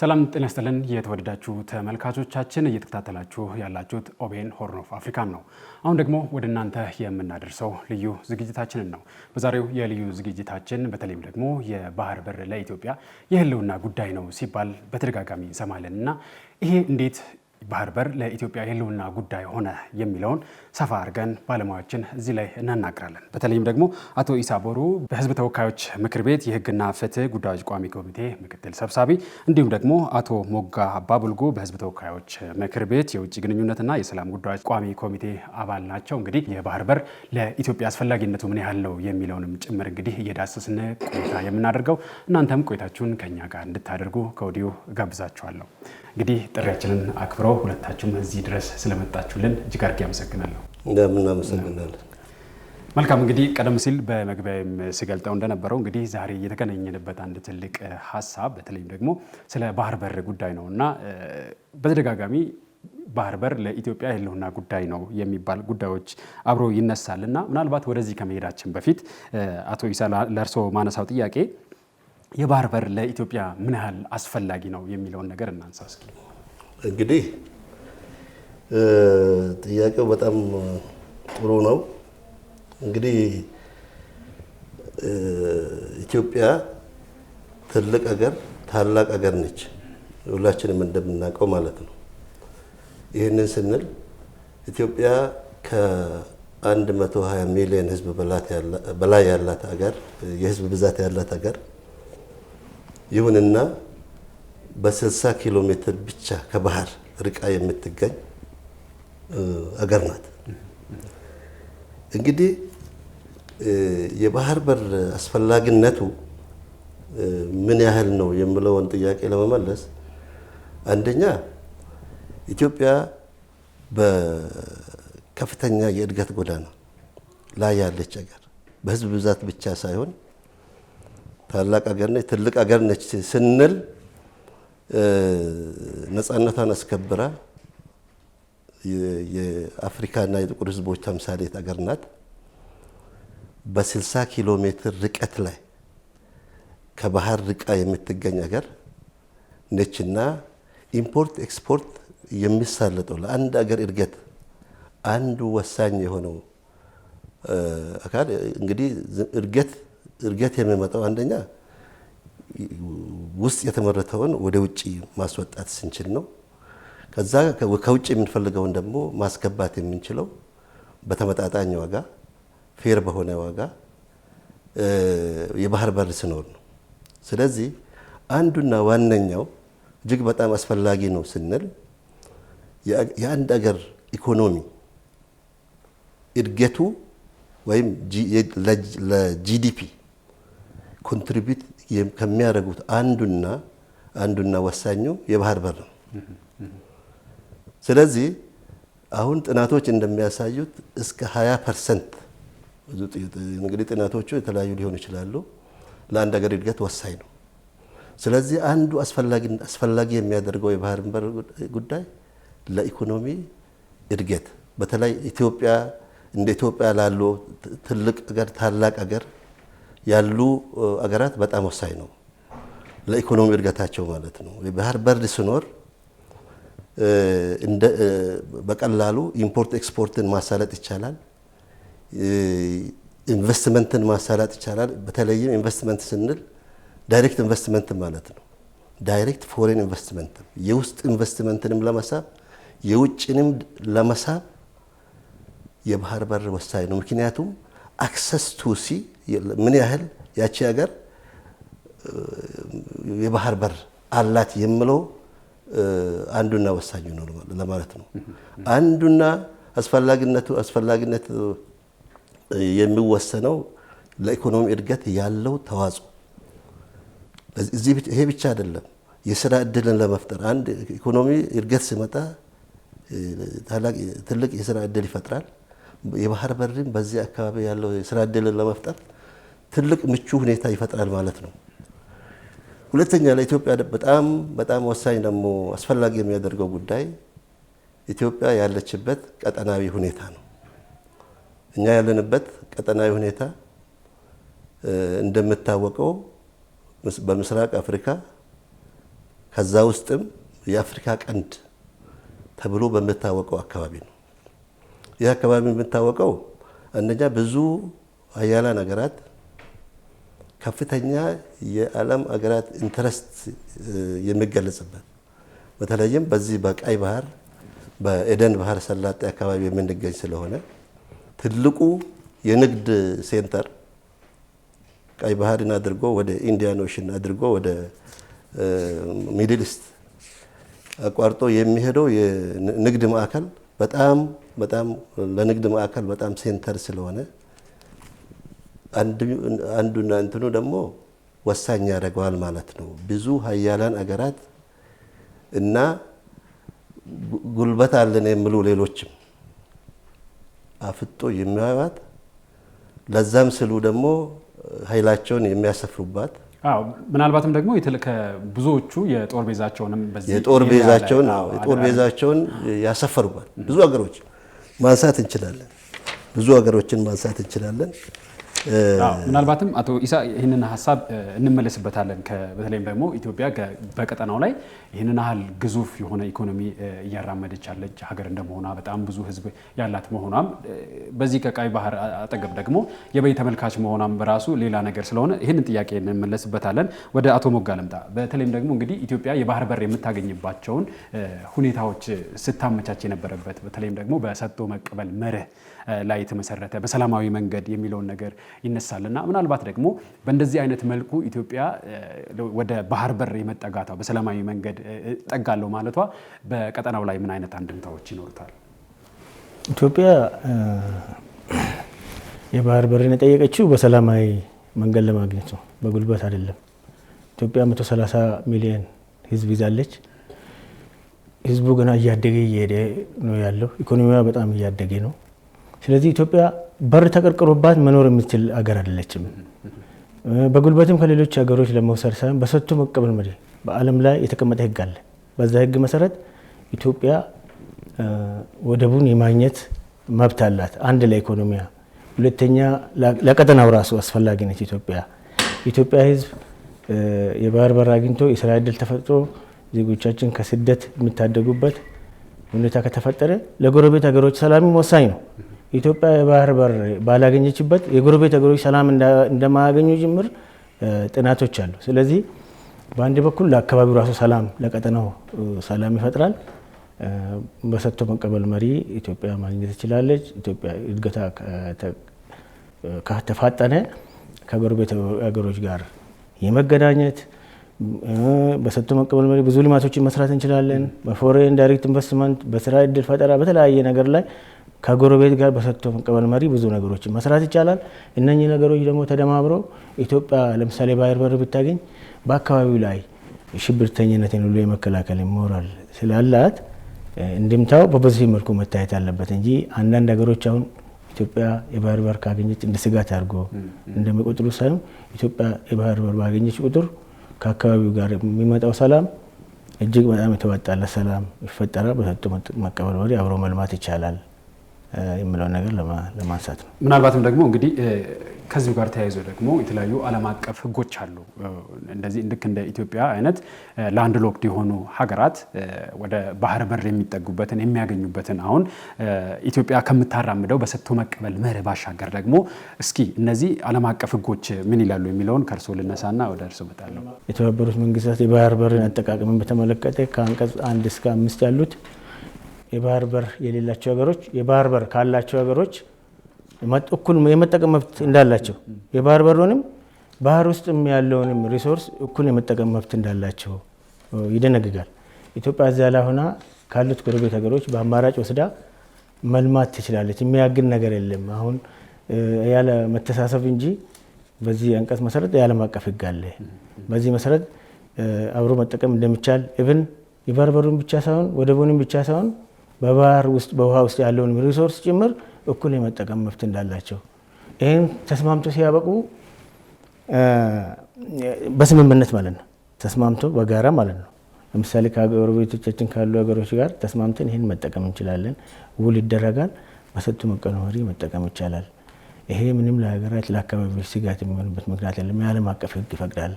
ሰላም ጤና ይስጥልን። የተወደዳችሁ ተመልካቾቻችን እየተከታተላችሁ ያላችሁት ኦቤን ሆርን ኦፍ አፍሪካን ነው። አሁን ደግሞ ወደ እናንተ የምናደርሰው ልዩ ዝግጅታችንን ነው። በዛሬው የልዩ ዝግጅታችን በተለይም ደግሞ የባህር በር ለኢትዮጵያ የህልውና ጉዳይ ነው ሲባል በተደጋጋሚ እንሰማለን እና ይሄ እንዴት ባህር በር ለኢትዮጵያ የህልውና ጉዳይ ሆነ የሚለውን ሰፋ አድርገን ባለሙያዎችን እዚህ ላይ እናናግራለን። በተለይም ደግሞ አቶ ኢሳ ቦሩ በህዝብ ተወካዮች ምክር ቤት የህግና ፍትህ ጉዳዮች ቋሚ ኮሚቴ ምክትል ሰብሳቢ፣ እንዲሁም ደግሞ አቶ ሞጋ አባቡልጎ በህዝብ ተወካዮች ምክር ቤት የውጭ ግንኙነትና የሰላም ጉዳዮች ቋሚ ኮሚቴ አባል ናቸው። እንግዲህ የባህር በር ለኢትዮጵያ አስፈላጊነቱ ምን ያህል ነው የሚለውንም ጭምር እንግዲህ እየዳሰስን ቆይታ የምናደርገው እናንተም ቆይታችሁን ከኛ ጋር እንድታደርጉ ከወዲሁ ጋብዛችኋለሁ። እንግዲህ ጥሪያችንን አክብረው ሁለታችሁም እዚህ ድረስ ስለመጣችሁልን እጅግ አድርጌ አመሰግናለሁ። እንደምናመሰግናለን። መልካም እንግዲህ ቀደም ሲል በመግቢያም ስገልጠው እንደነበረው እንግዲህ ዛሬ የተገናኘንበት አንድ ትልቅ ሀሳብ በተለይም ደግሞ ስለ ባህር በር ጉዳይ ነው እና በተደጋጋሚ ባህር በር ለኢትዮጵያ የህልውና ጉዳይ ነው የሚባል ጉዳዮች አብሮ ይነሳል እና ምናልባት ወደዚህ ከመሄዳችን በፊት አቶ ኢሳ ለእርሶ ማነሳው ጥያቄ የባህር በር ለኢትዮጵያ ምን ያህል አስፈላጊ ነው የሚለውን ነገር እናንሳ እስኪ። እንግዲህ ጥያቄው በጣም ጥሩ ነው። እንግዲህ ኢትዮጵያ ትልቅ ሀገር፣ ታላቅ ሀገር ነች፣ ሁላችንም እንደምናውቀው ማለት ነው። ይህንን ስንል ኢትዮጵያ ከ120 ሚሊዮን ህዝብ በላይ ያላት ሀገር የህዝብ ብዛት ያላት ሀገር ይሁንና በ60 ኪሎ ሜትር ብቻ ከባህር ርቃ የምትገኝ አገር ናት። እንግዲህ የባህር በር አስፈላጊነቱ ምን ያህል ነው የሚለውን ጥያቄ ለመመለስ አንደኛ ኢትዮጵያ በከፍተኛ የእድገት ጎዳና ላይ ያለች ሀገር በህዝብ ብዛት ብቻ ሳይሆን ታላቅ ሀገር ነች፣ ትልቅ ሀገር ነች ስንል ነፃነቷን አስከብራ የአፍሪካና የጥቁር ህዝቦች ተምሳሌት አገር ናት። በ60 ኪሎ ሜትር ርቀት ላይ ከባህር ርቃ የምትገኝ አገር ነችና ኢምፖርት ኤክስፖርት የሚሳለጠው ለአንድ አገር እድገት አንዱ ወሳኝ የሆነው አካል እንግዲህ እድገት እድገት የሚመጣው አንደኛ ውስጥ የተመረተውን ወደ ውጭ ማስወጣት ስንችል ነው። ከዛ ከውጭ የምንፈልገውን ደግሞ ማስገባት የምንችለው በተመጣጣኝ ዋጋ ፌር በሆነ ዋጋ የባህር በር ሲኖር ነው። ስለዚህ አንዱና ዋነኛው እጅግ በጣም አስፈላጊ ነው ስንል የአንድ አገር ኢኮኖሚ እድገቱ ወይም ለጂዲፒ ኮንትሪቢዩት ከሚያደርጉት አንዱና አንዱና ወሳኙ የባህር በር ነው። ስለዚህ አሁን ጥናቶች እንደሚያሳዩት እስከ 20 ፐርሰንት እንግዲህ ጥናቶቹ የተለያዩ ሊሆኑ ይችላሉ፣ ለአንድ ሀገር እድገት ወሳኝ ነው። ስለዚህ አንዱ አስፈላጊ የሚያደርገው የባህር በር ጉዳይ ለኢኮኖሚ እድገት በተለይ ኢትዮጵያ እንደ ኢትዮጵያ ላሉ ትልቅ አገር ታላቅ አገር ያሉ አገራት በጣም ወሳኝ ነው፣ ለኢኮኖሚ እድገታቸው ማለት ነው። የባህር በር ሲኖር በቀላሉ ኢምፖርት ኤክስፖርትን ማሳለጥ ይቻላል። ኢንቨስትመንትን ማሳለጥ ይቻላል። በተለይም ኢንቨስትመንት ስንል ዳይሬክት ኢንቨስትመንት ማለት ነው። ዳይሬክት ፎሬን ኢንቨስትመንት የውስጥ ኢንቨስትመንትንም ለመሳብ የውጭንም ለመሳብ የባህር በር ወሳኝ ነው። ምክንያቱም አክሰስ ቱ ሲ ምን ያህል ያቺ ሀገር የባህር በር አላት የምለው አንዱና ወሳኙ ነው ለማለት ነው። አንዱና አስፈላጊነቱ አስፈላጊነት የሚወሰነው ለኢኮኖሚ እድገት ያለው ተዋጽኦ ይሄ ብቻ አይደለም። የስራ እድልን ለመፍጠር አንድ ኢኮኖሚ እድገት ሲመጣ ትልቅ የስራ እድል ይፈጥራል። የባህር በርም በዚህ አካባቢ ያለው የስራ እድልን ለመፍጠር ትልቅ ምቹ ሁኔታ ይፈጥራል ማለት ነው። ሁለተኛ ለኢትዮጵያ በጣም በጣም ወሳኝ ደግሞ አስፈላጊ የሚያደርገው ጉዳይ ኢትዮጵያ ያለችበት ቀጠናዊ ሁኔታ ነው። እኛ ያለንበት ቀጠናዊ ሁኔታ እንደምታወቀው በምስራቅ አፍሪካ ከዛ ውስጥም የአፍሪካ ቀንድ ተብሎ በምታወቀው አካባቢ ነው። ይህ አካባቢ የምታወቀው አንደኛ ብዙ አያላ ሀገራት ከፍተኛ የዓለም አገራት ኢንተረስት የሚገለጽበት በተለይም በዚህ በቀይ ባህር በኤደን ባህር ሰላጤ አካባቢ የምንገኝ ስለሆነ ትልቁ የንግድ ሴንተር ቀይ ባህርን አድርጎ ወደ ኢንዲያን ኦሽን አድርጎ ወደ ሚድል ኢስት አቋርጦ የሚሄደው የንግድ ማዕከል በጣም በጣም ለንግድ ማዕከል በጣም ሴንተር ስለሆነ አንዱና እንትኑ ደግሞ ወሳኝ ያደርገዋል ማለት ነው። ብዙ ሀያላን አገራት እና ጉልበት አለን የሚሉ ሌሎችም አፍጦ የሚያዩባት ለዛም ስሉ ደግሞ ኃይላቸውን የሚያሰፍሩባት ምናልባትም ደግሞ ብዙዎቹ የጦር ቤዛቸውንም የጦር ቤዛቸውን የጦር ቤዛቸውን ያሰፈሩባት ብዙ ሀገሮች ማንሳት እንችላለን። ብዙ ሀገሮችን ማንሳት እንችላለን። ምናልባትም አቶ ኢሳ ይህንን ሀሳብ እንመለስበታለን። በተለይም ደግሞ ኢትዮጵያ በቀጠናው ላይ ይህንን ያህል ግዙፍ የሆነ ኢኮኖሚ እያራመደች ያለች ሀገር እንደመሆኗ በጣም ብዙ ሕዝብ ያላት መሆኗም በዚህ ከቀይ ባህር አጠገብ ደግሞ የበይ ተመልካች መሆኗም በራሱ ሌላ ነገር ስለሆነ ይህንን ጥያቄ እንመለስበታለን። ወደ አቶ ሞጋ ልምጣ። በተለይም ደግሞ እንግዲህ ኢትዮጵያ የባህር በር የምታገኝባቸውን ሁኔታዎች ስታመቻች የነበረበት በተለይም ደግሞ በሰጥቶ መቀበል መርህ ላይ የተመሰረተ በሰላማዊ መንገድ የሚለውን ነገር ይነሳል እና ምናልባት ደግሞ በእንደዚህ አይነት መልኩ ኢትዮጵያ ወደ ባህር በር የመጠጋቷ በሰላማዊ መንገድ እጠጋለሁ ማለቷ በቀጠናው ላይ ምን አይነት አንድምታዎች ይኖሩታል? ኢትዮጵያ የባህር በርን የጠየቀችው በሰላማዊ መንገድ ለማግኘት ነው፣ በጉልበት አይደለም። ኢትዮጵያ 130 ሚሊዮን ህዝብ ይዛለች። ህዝቡ ገና እያደገ እየሄደ ነው ያለው። ኢኮኖሚዋ በጣም እያደገ ነው። ስለዚህ ኢትዮጵያ በር ተቀርቅሮባት መኖር የምትችል አገር አይደለችም። በጉልበትም ከሌሎች ሀገሮች ለመውሰድ ሳይሆን በሰጥቶ መቀበል መሪ በዓለም ላይ የተቀመጠ ህግ አለ። በዛ ህግ መሰረት ኢትዮጵያ ወደቡን የማግኘት መብት አላት። አንድ ለኢኮኖሚያ፣ ሁለተኛ ለቀጠናው ራሱ አስፈላጊ ነች። ኢትዮጵያ ኢትዮጵያ ህዝብ የባህር በር አግኝቶ የስራ ዕድል ተፈጥሮ ዜጎቻችን ከስደት የሚታደጉበት ሁኔታ ከተፈጠረ ለጎረቤት ሀገሮች ሰላምም ወሳኝ ነው። ኢትዮጵያ የባህር በር ባላገኘችበት የጎረቤት ሀገሮች ሰላም እንደማያገኙ ጅምር ጥናቶች አሉ። ስለዚህ በአንድ በኩል ለአካባቢው ራሱ ሰላም፣ ለቀጠናው ሰላም ይፈጥራል። በሰጥቶ መቀበል መሪ ኢትዮጵያ ማግኘት ትችላለች። ኢትዮጵያ እድገታ ከተፋጠነ ከጎረቤት ሀገሮች ጋር የመገናኘት በሰጥቶ መቀበል መሪ ብዙ ልማቶችን መስራት እንችላለን። በፎሬን ዳይሬክት ኢንቨስትመንት፣ በስራ እድል ፈጠራ፣ በተለያየ ነገር ላይ ከጎረቤት ጋር በሰጥቶ መቀበል መሪ ብዙ ነገሮችን መስራት ይቻላል። እነኚህ ነገሮች ደግሞ ተደማምረው ኢትዮጵያ ለምሳሌ ባህር በር ብታገኝ በአካባቢው ላይ ሽብርተኝነትን ሁሉ የመከላከል ሞራል ስላላት እንድምታው በበዚህ መልኩ መታየት አለበት እንጂ አንዳንድ ነገሮች አሁን ኢትዮጵያ የባህር በር ካገኘች እንደ ስጋት አድርጎ እንደሚቆጥሩ ሳይሆን ኢትዮጵያ የባህር በር ባገኘች ቁጥር ከአካባቢው ጋር የሚመጣው ሰላም እጅግ በጣም የተዋጣለ ሰላም ይፈጠራል። በሰጡ መቀበል ወዲህ አብሮ መልማት ይቻላል። የሚለውን ነገር ለማንሳት ነው። ምናልባትም ደግሞ እንግዲህ ከዚሁ ጋር ተያይዞ ደግሞ የተለያዩ ዓለም አቀፍ ሕጎች አሉ። እንደዚህ ልክ እንደ ኢትዮጵያ አይነት ላንድ ሎክድ የሆኑ ሀገራት ወደ ባህር በር የሚጠጉበትን የሚያገኙበትን አሁን ኢትዮጵያ ከምታራምደው በሰጥቶ መቀበል መርህ ባሻገር ደግሞ እስኪ እነዚህ ዓለም አቀፍ ሕጎች ምን ይላሉ የሚለውን ከእርሶ ልነሳና ወደ እርሶ እመጣለሁ። የተባበሩት መንግስታት የባህር በርን አጠቃቀምን በተመለከተ ከአንቀጽ አንድ እስከ አምስት ያሉት የባህር በር የሌላቸው ሀገሮች የባህር በር ካላቸው ሀገሮች እኩል የመጠቀም መብት እንዳላቸው የባህር በሩንም ባህር ውስጥም ያለውንም ሪሶርስ እኩል የመጠቀም መብት እንዳላቸው ይደነግጋል። ኢትዮጵያ እዚያ ላይ ሆና ካሉት ጎረቤት ሀገሮች በአማራጭ ወስዳ መልማት ትችላለች። የሚያግን ነገር የለም። አሁን ያለ መተሳሰብ እንጂ በዚህ አንቀጽ መሰረት የዓለም አቀፍ ሕግ አለ። በዚህ መሰረት አብሮ መጠቀም እንደሚቻል እብን የባህር በሩን ብቻ ሳይሆን ወደቡንም ብቻ ሳይሆን በባህር ውስጥ በውሃ ውስጥ ያለውን ሪሶርስ ጭምር እኩል የመጠቀም መብት እንዳላቸው ይህን ተስማምቶ ሲያበቁ በስምምነት ማለት ነው። ተስማምቶ በጋራ ማለት ነው። ለምሳሌ ከጎረቤቶቻችን ካሉ ሀገሮች ጋር ተስማምተን ይህን መጠቀም እንችላለን። ውል ይደረጋል። በሰጡ መቀመሪ መጠቀም ይቻላል። ይሄ ምንም ለሀገራት ለአካባቢዎች ስጋት የሚሆንበት ምክንያት የለም። የዓለም አቀፍ ሕግ ይፈቅዳል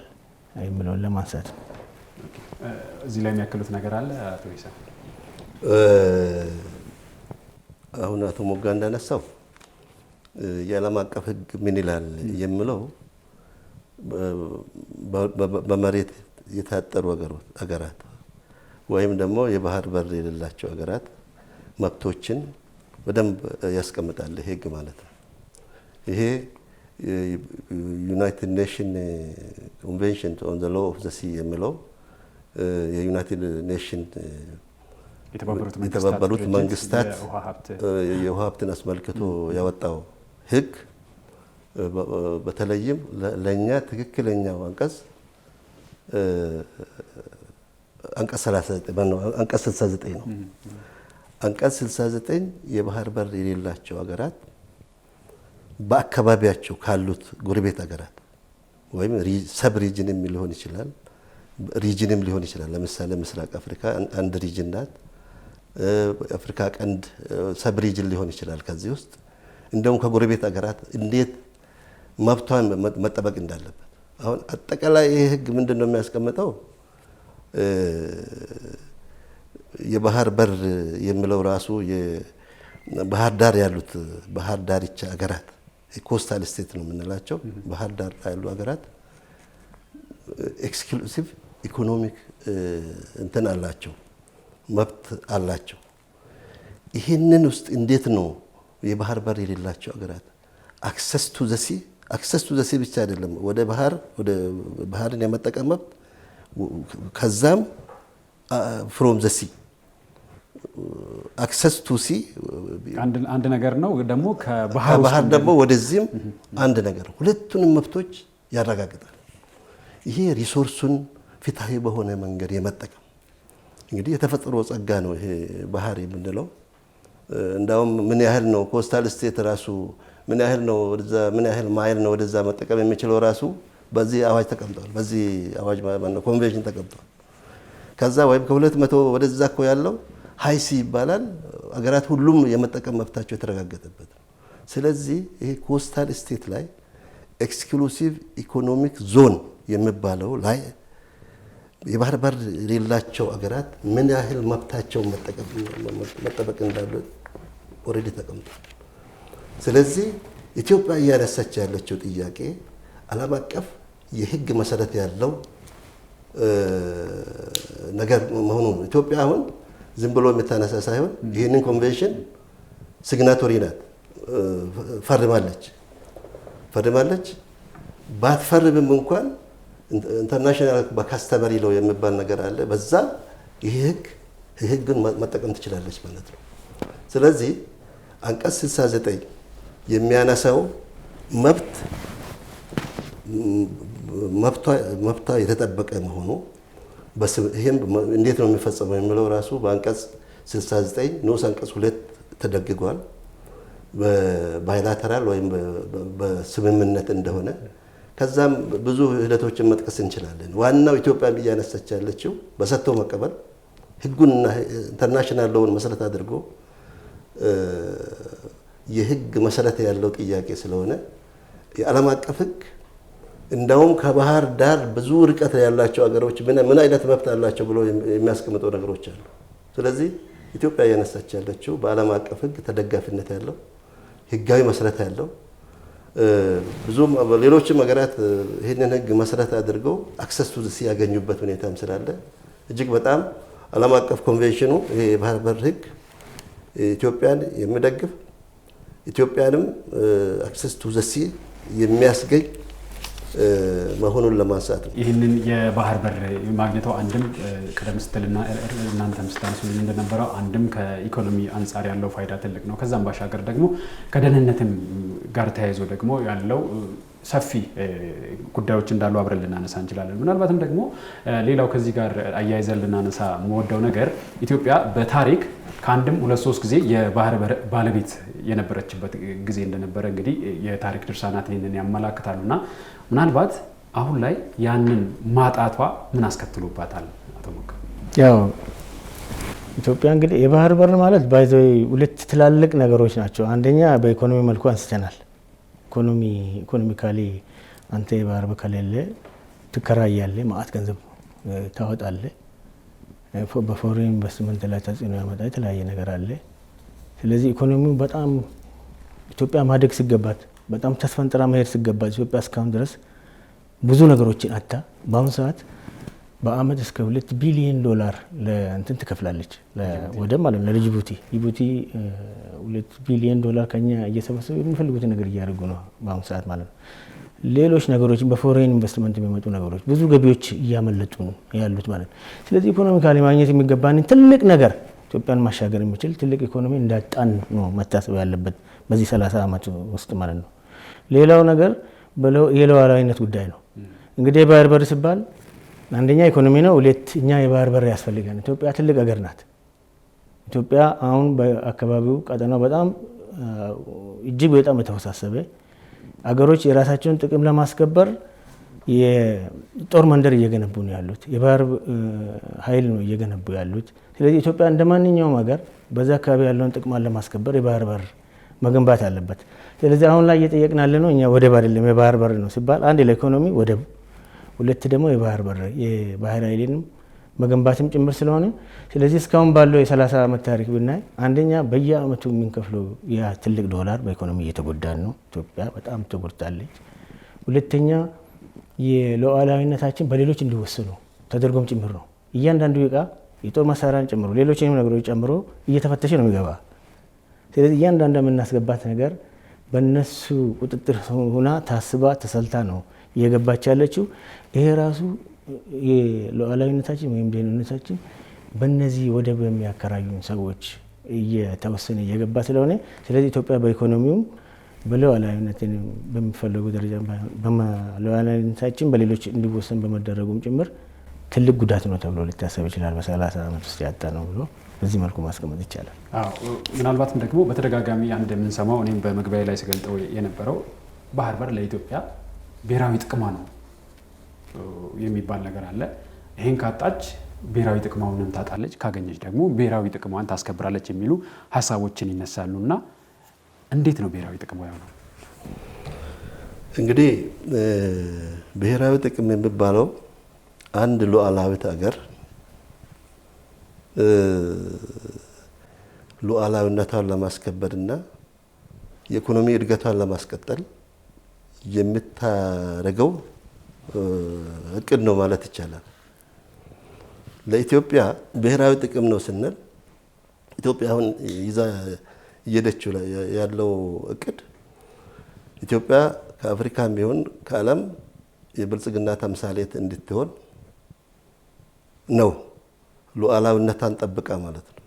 የሚለውን ለማንሳት ነው። እዚህ ላይ የሚያክሉት ነገር አለ አቶ አሁን አቶ ሞጋ እንዳነሳው የዓለም አቀፍ ሕግ ምን ይላል የሚለው በመሬት የታጠሩ ሀገራት ወይም ደግሞ የባህር በር የሌላቸው ሀገራት መብቶችን በደንብ ያስቀምጣል ሕግ ማለት ነው። ይሄ ዩናይትድ ኔሽን ኮንቬንሽን ኦን ዘ ሎው ኦፍ ዘ ሲ የሚለው የዩናይትድ ኔሽን የተባበሩት መንግስታት የውሃ ሀብትን አስመልክቶ ያወጣው ህግ በተለይም ለእኛ ትክክለኛው አንቀጽ አንቀጽ 69 ነው። አንቀጽ 69 የባህር በር የሌላቸው ሀገራት በአካባቢያቸው ካሉት ጎረቤት ሀገራት ወይም ሰብ ሪጅንም ሊሆን ይችላል ሪጅንም ሊሆን ይችላል። ለምሳሌ ምስራቅ አፍሪካ አንድ ሪጅን ናት። አፍሪካ ቀንድ ሰብሪጅን ሊሆን ይችላል። ከዚህ ውስጥ እንደውም ከጎረቤት ሀገራት እንዴት መብቷን መጠበቅ እንዳለበት አሁን አጠቃላይ ይህ ህግ ምንድን ነው የሚያስቀምጠው? የባህር በር የሚለው ራሱ ባህር ዳር ያሉት ባህር ዳርቻ ሀገራት ኮስታል ስቴት ነው የምንላቸው ባህር ዳር ያሉ ሀገራት ኤክስክሉሲቭ ኢኮኖሚክ እንትን አላቸው። መብት አላቸው። ይህንን ውስጥ እንዴት ነው የባህር በር የሌላቸው ሀገራት አክሰስ ቱ ዘሲ አክሰስ ቱ ዘሲ ብቻ አይደለም ወደ ባህር ወደ ባህርን የመጠቀም መብት ከዛም ፍሮም ዘሲ አክሰስ ቱ ሲ አንድ ነገር ነው። ደግሞ ከባህር ደግሞ ወደዚህም አንድ ነገር ሁለቱንም መብቶች ያረጋግጣል። ይሄ ሪሶርሱን ፍትሐዊ በሆነ መንገድ የመጠቀም እንግዲህ የተፈጥሮ ጸጋ ነው ይሄ ባህር የምንለው። እንዳውም ምን ያህል ነው ኮስታል ስቴት ራሱ ምን ያህል ነው ወደዛ ምን ያህል ማይል ነው ወደዛ መጠቀም የሚችለው ራሱ በዚህ አዋጅ ተቀምጧል። በዚህ አዋጅ ኮንቬንሽን ተቀምጧል። ከዛ ወይም ከሁለት መቶ ወደዛ እኮ ያለው ሀይሲ ይባላል። አገራት ሁሉም የመጠቀም መብታቸው የተረጋገጠበት ነው። ስለዚህ ይሄ ኮስታል ስቴት ላይ ኤክስክሉሲቭ ኢኮኖሚክ ዞን የሚባለው ላይ የባህር በር የሌላቸው አገራት ምን ያህል መብታቸውን መጠበቅ እንዳለ ኦልሬዲ ተቀምጧል። ስለዚህ ኢትዮጵያ እያነሳች ያለችው ጥያቄ ዓለም አቀፍ የህግ መሰረት ያለው ነገር መሆኑ ነው። ኢትዮጵያ አሁን ዝም ብሎ የምታነሳ ሳይሆን ይህንን ኮንቬንሽን ሲግናቶሪ ናት፣ ፈርማለች ፈርማለች ባትፈርምም እንኳን ኢንተርናሽናል በካስተመሪ ሎው የሚባል ነገር አለ። በዛ ይህ ህግ ህግን መጠቀም ትችላለች ማለት ነው። ስለዚህ አንቀጽ 69 የሚያነሳው መብት መብቷ የተጠበቀ መሆኑ ይህም እንዴት ነው የሚፈጸመው የሚለው ራሱ በአንቀጽ 69 ንዑስ አንቀጽ ሁለት ተደግጓል። በባይላተራል ወይም በስምምነት እንደሆነ ከዛም ብዙ ሂደቶችን መጥቀስ እንችላለን። ዋናው ኢትዮጵያ እያነሳች ያለችው በሰጥቶ መቀበል ህጉንና ኢንተርናሽናል ሎውን መሰረት አድርጎ የህግ መሰረት ያለው ጥያቄ ስለሆነ የዓለም አቀፍ ህግ እንዳውም ከባህር ዳር ብዙ ርቀት ያላቸው ሀገሮች ምን አይነት መብት አላቸው ብሎ የሚያስቀምጠው ነገሮች አሉ። ስለዚህ ኢትዮጵያ እያነሳች ያለችው በዓለም አቀፍ ህግ ተደጋፊነት ያለው ህጋዊ መሰረት ያለው ብዙም ሌሎችም ሀገራት ይህንን ህግ መሰረት አድርገው አክሰስ ቱ ያገኙበት ሁኔታም ስላለ እጅግ በጣም ዓለም አቀፍ ኮንቬንሽኑ ይሄ የባህር በር ህግ ኢትዮጵያን የሚደግፍ ኢትዮጵያንም አክሰስ ቱ ዘሲ የሚያስገኝ መሆኑን ለማንሳት ነው። ይህንን የባህር በር ማግኘተው አንድም ቀደም ስትልና እናንተ ስታነሱልኝ እንደነበረው አንድም ከኢኮኖሚ አንጻር ያለው ፋይዳ ትልቅ ነው። ከዛም ባሻገር ደግሞ ከደህንነትም ጋር ተያይዞ ደግሞ ያለው ሰፊ ጉዳዮች እንዳሉ አብረን ልናነሳ እንችላለን። ምናልባትም ደግሞ ሌላው ከዚህ ጋር አያይዘን ልናነሳ የምወደው ነገር ኢትዮጵያ በታሪክ ከአንድም ሁለት ሶስት ጊዜ የባህር ባለቤት የነበረችበት ጊዜ እንደነበረ እንግዲህ የታሪክ ድርሳናት ይህንን ያመላክታሉና ምናልባት አሁን ላይ ያንን ማጣቷ ምን አስከትሎባታል? አቶ ሞክ ያው ኢትዮጵያ እንግዲህ የባህር በር ማለት ባይዘ ሁለት ትላልቅ ነገሮች ናቸው። አንደኛ በኢኮኖሚ መልኩ አንስተናል ኢኮኖሚ ኢኮኖሚካሊ አንተ የባርብ ከሌለ ትከራያለህ፣ ማአት ገንዘብ ታወጣለ። በፎሬን ኢንቨስትመንት ላይ ተጽዕኖ ያመጣ የተለያየ ነገር አለ። ስለዚህ ኢኮኖሚው በጣም ኢትዮጵያ ማደግ ሲገባት በጣም ተስፈንጥራ መሄድ ሲገባት ኢትዮጵያ እስካሁን ድረስ ብዙ ነገሮችን አታ በአሁኑ ሰዓት በአመት እስከ ሁለት ቢሊዮን ዶላር ለእንትን ትከፍላለች ወደብ ማለት ነው ለጅቡቲ ጅቡቲ ሁለት ቢሊዮን ዶላር ከኛ እየሰበሰቡ የሚፈልጉትን ነገር እያደረጉ ነው በአሁኑ ሰዓት ማለት ነው። ሌሎች ነገሮችን በፎሬን ኢንቨስትመንት የሚመጡ ነገሮች ብዙ ገቢዎች እያመለጡ ያሉት ማለት ነው። ስለዚህ ኢኮኖሚካሊ ማግኘት የሚገባንን ትልቅ ነገር ኢትዮጵያን ማሻገር የሚችል ትልቅ ኢኮኖሚ እንዳጣን ነው መታሰብ ያለበት በዚህ 30 ዓመት ውስጥ ማለት ነው። ሌላው ነገር የሉዓላዊነት ጉዳይ ነው። እንግዲህ የባህር በር ሲባል አንደኛ ኢኮኖሚ ነው፣ ሁለት እኛ የባህር በር ያስፈልጋል። ኢትዮጵያ ትልቅ ሀገር ናት። ኢትዮጵያ አሁን በአካባቢው ቀጠናው በጣም እጅግ በጣም የተወሳሰበ አገሮች የራሳቸውን ጥቅም ለማስከበር የጦር መንደር እየገነቡ ነው ያሉት። የባህር ኃይል ነው እየገነቡ ያሉት። ስለዚህ ኢትዮጵያ እንደ ማንኛውም ሀገር በዛ አካባቢ ያለውን ጥቅማን ለማስከበር የባህር በር መገንባት አለበት። ስለዚህ አሁን ላይ እየጠየቅን ያለ ነው እኛ ወደብ አይደለም የባህር በር ነው ሲባል፣ አንድ ለኢኮኖሚ ወደብ፣ ሁለት ደግሞ የባህር በር የባህር ኃይልንም መገንባትም ጭምር ስለሆነ ስለዚህ እስካሁን ባለው የ30 ዓመት ታሪክ ብናይ አንደኛ በየአመቱ የምንከፍለው ያ ትልቅ ዶላር በኢኮኖሚ እየተጎዳን ነው። ኢትዮጵያ በጣም ተጎድታለች። ሁለተኛ የሉዓላዊነታችን በሌሎች እንዲወሰኑ ተደርጎም ጭምር ነው። እያንዳንዱ እቃ የጦር መሳሪያን ጨምሮ ሌሎችንም ነገሮች ጨምሮ እየተፈተሸ ነው የሚገባ። ስለዚህ እያንዳንዱ የምናስገባት ነገር በእነሱ ቁጥጥር ሆና ታስባ ተሰልታ ነው እየገባች ያለችው። ይሄ ራሱ ሉዓላዊነታችን ወይም ደህንነታችን በእነዚህ ወደብ የሚያከራዩን ሰዎች እየተወሰነ እየገባ ስለሆነ ስለዚህ ኢትዮጵያ በኢኮኖሚውም በሉዓላዊነት በሚፈለጉ ደረጃ በሉዓላዊነታችን በሌሎች እንዲወሰን በመደረጉም ጭምር ትልቅ ጉዳት ነው ተብሎ ሊታሰብ ይችላል። በሰላሳ ዓመት ውስጥ ያጣ ነው ብሎ በዚህ መልኩ ማስቀመጥ ይቻላል። ምናልባትም ደግሞ በተደጋጋሚ አንድ የምንሰማው እኔም በመግቢያ ላይ ስገልጠው የነበረው ባህር በር ለኢትዮጵያ ብሔራዊ ጥቅሟ ነው የሚባል ነገር አለ። ይህን ካጣች ብሔራዊ ጥቅሟንም ታጣለች፣ ካገኘች ደግሞ ብሔራዊ ጥቅሟን ታስከብራለች የሚሉ ሀሳቦችን ይነሳሉ። እና እንዴት ነው ብሔራዊ ጥቅሟ የሆነው? እንግዲህ ብሔራዊ ጥቅም የሚባለው አንድ ሉዓላዊት ሀገር ሉዓላዊነቷን ለማስከበር የኢኮኖሚ እድገቷን ለማስቀጠል የምታደርገው እቅድ ነው ማለት ይቻላል። ለኢትዮጵያ ብሔራዊ ጥቅም ነው ስንል ኢትዮጵያ አሁን ይዛ እየሄደችው ያለው እቅድ ኢትዮጵያ ከአፍሪካም ቢሆን ከዓለም የብልጽግና ተምሳሌት እንድትሆን ነው። ሉዓላዊነቷን ጠብቃ ማለት ነው።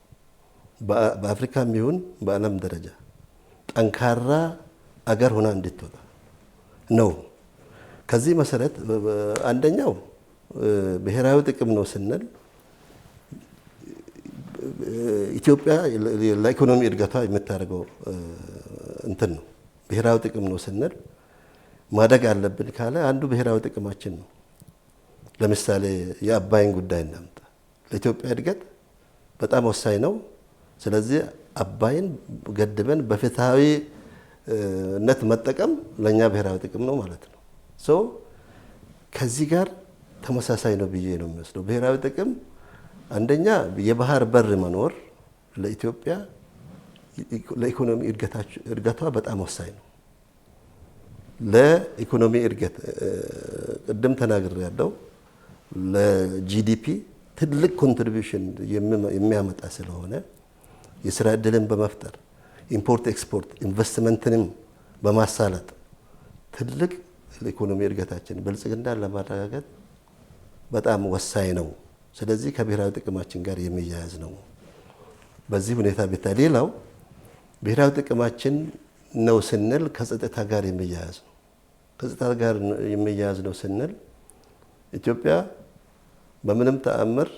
በአፍሪካም ይሁን በዓለም ደረጃ ጠንካራ አገር ሆና እንድትወጣ ነው። ከዚህ መሰረት አንደኛው ብሔራዊ ጥቅም ነው ስንል ኢትዮጵያ ለኢኮኖሚ እድገቷ የምታደርገው እንትን ነው። ብሔራዊ ጥቅም ነው ስንል ማደግ አለብን ካለ አንዱ ብሔራዊ ጥቅማችን ነው። ለምሳሌ የአባይን ጉዳይ እናምጣ። ለኢትዮጵያ እድገት በጣም ወሳኝ ነው። ስለዚህ አባይን ገድበን በፍትሐዊነት መጠቀም ለእኛ ብሔራዊ ጥቅም ነው ማለት ነው። ከዚህ ጋር ተመሳሳይ ነው ብዬ ነው የሚወስደው። ብሔራዊ ጥቅም አንደኛ የባህር በር መኖር ለኢትዮጵያ ለኢኮኖሚ እድገቷ በጣም ወሳኝ ነው። ለኢኮኖሚ እድገት ቅድም ተናግር ያለው ለጂዲፒ ትልቅ ኮንትሪቢሽን የሚያመጣ ስለሆነ የስራ እድልን በመፍጠር ኢምፖርት ኤክስፖርት ኢንቨስትመንትንም በማሳለጥ ትልቅ ስለ ኢኮኖሚ እድገታችን ብልጽግና ለማረጋገጥ በጣም ወሳኝ ነው። ስለዚህ ከብሔራዊ ጥቅማችን ጋር የሚያያዝ ነው። በዚህ ሁኔታ ቢታይ፣ ሌላው ብሔራዊ ጥቅማችን ነው ስንል ከጸጥታ ጋር የሚያያዝ ነው። ከጸጥታ ጋር የሚያያዝ ነው ስንል ኢትዮጵያ በምንም ተአምር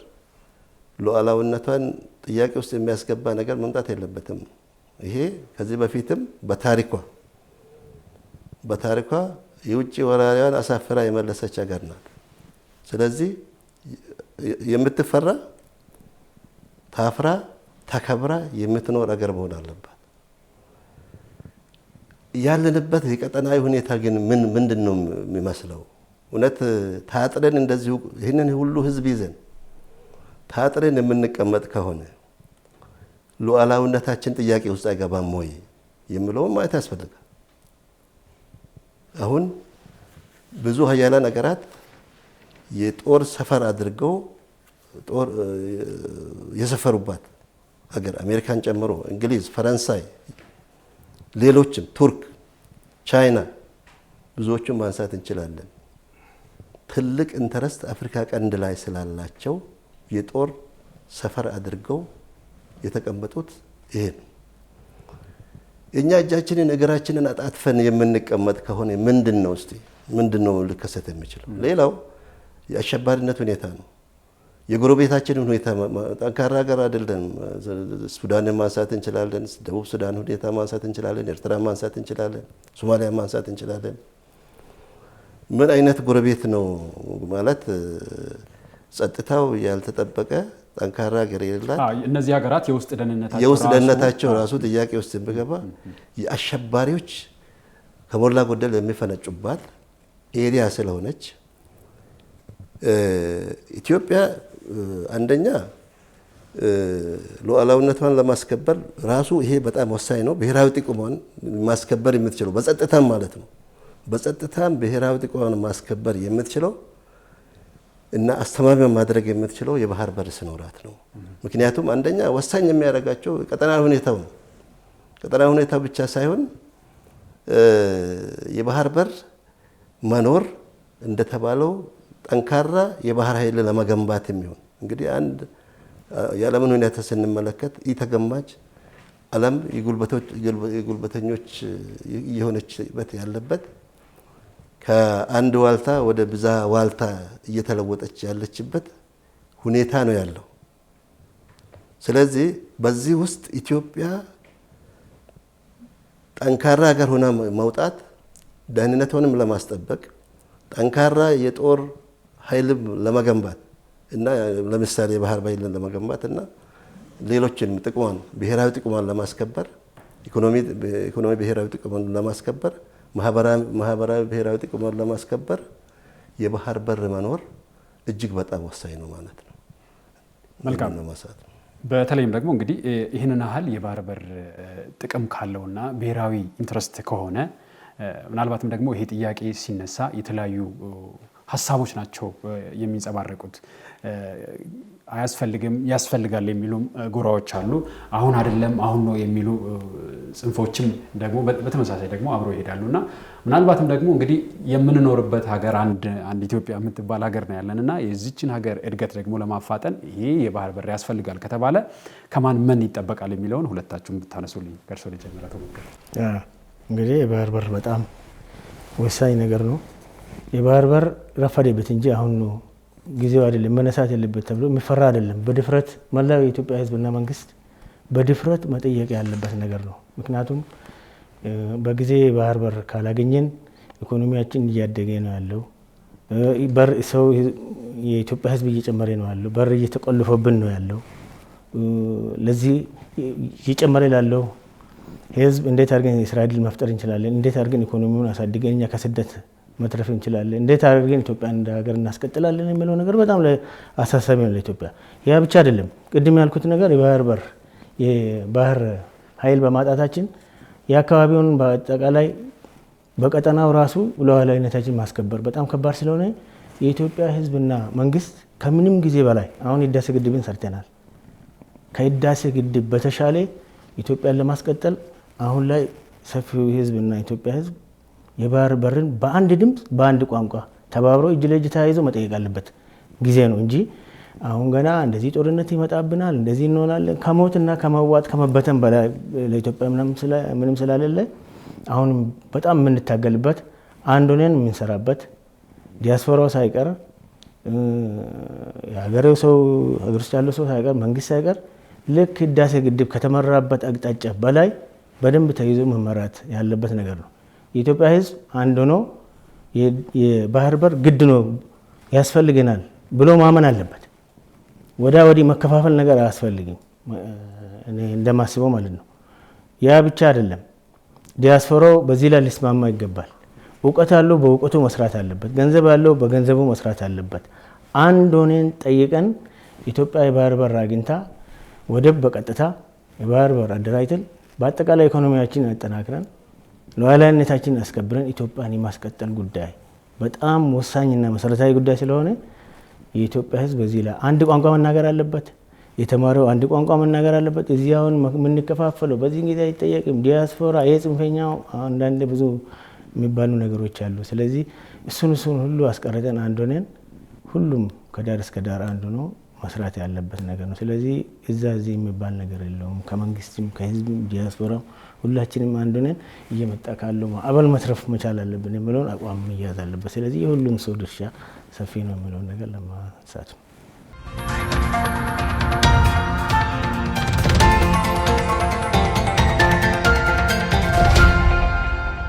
ሉዓላዊነቷን ጥያቄ ውስጥ የሚያስገባ ነገር መምጣት የለበትም። ይሄ ከዚህ በፊትም በታሪኳ በታሪኳ የውጭ ወራሪዋን አሳፍራ የመለሰች ሀገር ናት። ስለዚህ የምትፈራ ታፍራ ተከብራ የምትኖር ሀገር መሆን አለባት። ያለንበት የቀጠናዊ ሁኔታ ግን ምን ምንድን ነው የሚመስለው? እውነት ታጥረን እንደዚሁ ይህንን ሁሉ ህዝብ ይዘን ታጥረን የምንቀመጥ ከሆነ ሉዓላዊነታችን ጥያቄ ውስጥ አይገባም ወይ የሚለውን ማየት ያስፈልጋል። አሁን ብዙ ሀያላን ሀገራት የጦር ሰፈር አድርገው ጦር የሰፈሩባት ሀገር አሜሪካን ጨምሮ እንግሊዝ፣ ፈረንሳይ፣ ሌሎችም ቱርክ፣ ቻይና ብዙዎቹን ማንሳት እንችላለን። ትልቅ ኢንተረስት አፍሪካ ቀንድ ላይ ስላላቸው የጦር ሰፈር አድርገው የተቀመጡት ይሄ ነው። እኛ እጃችንን እግራችንን አጣጥፈን የምንቀመጥ ከሆነ ምንድን ነው እስቲ ምንድን ነው ልከሰት የሚችለው? ሌላው የአሸባሪነት ሁኔታ ነው። የጎረቤታችንን ሁኔታ ጠንካራ ሀገር አይደለም ሱዳንን ማንሳት እንችላለን። ደቡብ ሱዳን ሁኔታ ማንሳት እንችላለን። ኤርትራ ማንሳት እንችላለን። ሶማሊያ ማንሳት እንችላለን። ምን አይነት ጎረቤት ነው ማለት ጸጥታው ያልተጠበቀ ጠንካራ ሀገር የሌላት እነዚህ ሀገራት የውስጥ ደህንነታቸው ራሱ ጥያቄ ውስጥ የሚገባ አሸባሪዎች ከሞላ ጎደል የሚፈነጩባት ኤሪያ ስለሆነች ኢትዮጵያ አንደኛ ሉዓላዊነቷን ለማስከበር ራሱ ይሄ በጣም ወሳኝ ነው። ብሔራዊ ጥቅሟን ማስከበር የምትችለው በጸጥታም ማለት ነው። በጸጥታም ብሔራዊ ጥቅሟን ማስከበር የምትችለው እና አስተማሚ ማድረግ የምትችለው የባህር በር ሲኖራት ነው። ምክንያቱም አንደኛ ወሳኝ የሚያደርጋቸው ቀጠናዊ ሁኔታው ነው። ቀጠና ሁኔታ ብቻ ሳይሆን የባህር በር መኖር እንደተባለው ጠንካራ የባህር ኃይል ለመገንባት የሚሆን እንግዲህ አንድ የዓለምን ሁኔታ ስንመለከት ኢተገማች ዓለም የጉልበተኞች እየሆነችበት ያለበት ከአንድ ዋልታ ወደ ብዛ ዋልታ እየተለወጠች ያለችበት ሁኔታ ነው ያለው። ስለዚህ በዚህ ውስጥ ኢትዮጵያ ጠንካራ ሀገር ሆና መውጣት ደህንነቷንም ለማስጠበቅ ጠንካራ የጦር ኃይልም ለመገንባት እና ለምሳሌ የባህር ኃይልን ለመገንባት እና ሌሎችንም ጥቅሟን ብሔራዊ ጥቅሟን ለማስከበር ኢኮኖሚ ብሔራዊ ጥቅሟን ለማስከበር ማህበራዊ ብሔራዊ ጥቅሟን ለማስከበር የባህር በር መኖር እጅግ በጣም ወሳኝ ነው ማለት ነው። መልካም በተለይም ደግሞ እንግዲህ ይህንን ያህል የባህር በር ጥቅም ካለውና ብሔራዊ ኢንትረስት ከሆነ ምናልባትም ደግሞ ይሄ ጥያቄ ሲነሳ የተለያዩ ሀሳቦች ናቸው የሚንጸባረቁት። አያስፈልግም፣ ያስፈልጋል የሚሉም ጎራዎች አሉ። አሁን አይደለም አሁን ነው የሚሉ ጽንፎችም ደግሞ በተመሳሳይ ደግሞ አብረው ይሄዳሉ እና ምናልባትም ደግሞ እንግዲህ የምንኖርበት ሀገር አንድ ኢትዮጵያ የምትባል ሀገር ነው ያለን እና የዚችን ሀገር እድገት ደግሞ ለማፋጠን ይሄ የባህር በር ያስፈልጋል ከተባለ ከማን ምን ይጠበቃል የሚለውን ሁለታችሁም ብታነሱልኝ። ከእርሶ ልጀምር። እንግዲህ የባህር በር በጣም ወሳኝ ነገር ነው። የባህር በር ረፈደበት እንጂ አሁን ነው ጊዜው አይደለም፣ መነሳት ያለበት ተብሎ የሚፈራ አይደለም። በድፍረት መላው የኢትዮጵያ ሕዝብና መንግስት በድፍረት መጠየቅ ያለበት ነገር ነው። ምክንያቱም በጊዜ የባህር በር ካላገኘን ኢኮኖሚያችን እያደገ ነው ያለው። በር ሰው የኢትዮጵያ ሕዝብ እየጨመረ ነው ያለው። በር እየተቆልፎብን ነው ያለው። ለዚህ እየጨመረ ላለው ሕዝብ እንዴት አድርገን የስራ ዕድል መፍጠር እንችላለን? እንዴት አድርገን ኢኮኖሚውን አሳድገን እኛ ከስደት መትረፍ እንችላለን፣ እንዴት አድርገን ኢትዮጵያ እንደ ሀገር እናስቀጥላለን የሚለው ነገር በጣም አሳሳቢ ነው ለኢትዮጵያ። ያ ብቻ አይደለም፣ ቅድም ያልኩት ነገር የባህር በር የባህር ኃይል በማጣታችን የአካባቢውን በአጠቃላይ በቀጠናው ራሱ ሉዓላዊነታችን ማስከበር በጣም ከባድ ስለሆነ የኢትዮጵያ ሕዝብና መንግስት ከምንም ጊዜ በላይ አሁን የዳሴ ግድብን ሰርተናል። ከህዳሴ ግድብ በተሻለ ኢትዮጵያን ለማስቀጠል አሁን ላይ ሰፊው ሕዝብና ኢትዮጵያ ሕዝብ የባህር በርን በአንድ ድምፅ በአንድ ቋንቋ ተባብረው እጅ ለእጅ ተያይዞ መጠየቅ አለበት ጊዜ ነው እንጂ አሁን ገና እንደዚህ ጦርነት ይመጣብናል እንደዚህ እንሆናለን ከሞትና ከመዋጥ ከመበተን በላይ ለኢትዮጵያ ምንም ስላሌለ አሁን በጣም የምንታገልበት አንድ ሆነን የምንሰራበት ዲያስፖራው ሳይቀር የሀገሬው ሰው ሀገር ውስጥ ያለው ሰው ሳይቀር መንግስት ሳይቀር ልክ ህዳሴ ግድብ ከተመራበት አቅጣጫ በላይ በደንብ ተይዞ መመራት ያለበት ነገር ነው። የኢትዮጵያ ሕዝብ አንድ ሆኖ የባህር በር ግድ ነው ያስፈልገናል ብሎ ማመን አለበት። ወዳ ወዲህ መከፋፈል ነገር አያስፈልግም፣ እንደማስበው ማለት ነው። ያ ብቻ አይደለም፣ ዲያስፖራው በዚህ ላይ ሊስማማ ይገባል። እውቀት አለው፣ በእውቀቱ መስራት አለበት፣ ገንዘብ ያለው በገንዘቡ መስራት አለበት። አንድ ሆነን ጠይቀን ኢትዮጵያ የባህር በር አግኝታ ወደብ በቀጥታ የባህር በር አደራጅተን በአጠቃላይ ኢኮኖሚያችን ያጠናክረን ሉዓላዊነታችንን አስከብረን ኢትዮጵያን የማስቀጠል ጉዳይ በጣም ወሳኝና መሰረታዊ ጉዳይ ስለሆነ የኢትዮጵያ ሕዝብ በዚህ ላይ አንድ ቋንቋ መናገር አለበት። የተማሪው አንድ ቋንቋ መናገር አለበት። እዚህ አሁን የምንከፋፈለው በዚህ ጊዜ አይጠየቅም። ዲያስፖራ የጽንፈኛው አንዳንድ ብዙ የሚባሉ ነገሮች አሉ። ስለዚህ እሱን እሱን ሁሉ አስቀርጠን አንድ ሆነን ሁሉም ከዳር እስከ ዳር አንዱ ነው መስራት ያለበት ነገር ነው። ስለዚህ እዛ እዚህ የሚባል ነገር የለውም። ከመንግስትም ከህዝብም ዲያስፖራም ሁላችንም አንዱ ነን። እየመጣ ካለው መትረፍ መቻል አለብን የሚለውን አቋም መያዝ አለበት። ስለዚህ የሁሉም ሰው ድርሻ ሰፊ ነው የሚለውን ነገር ለማንሳት ነው።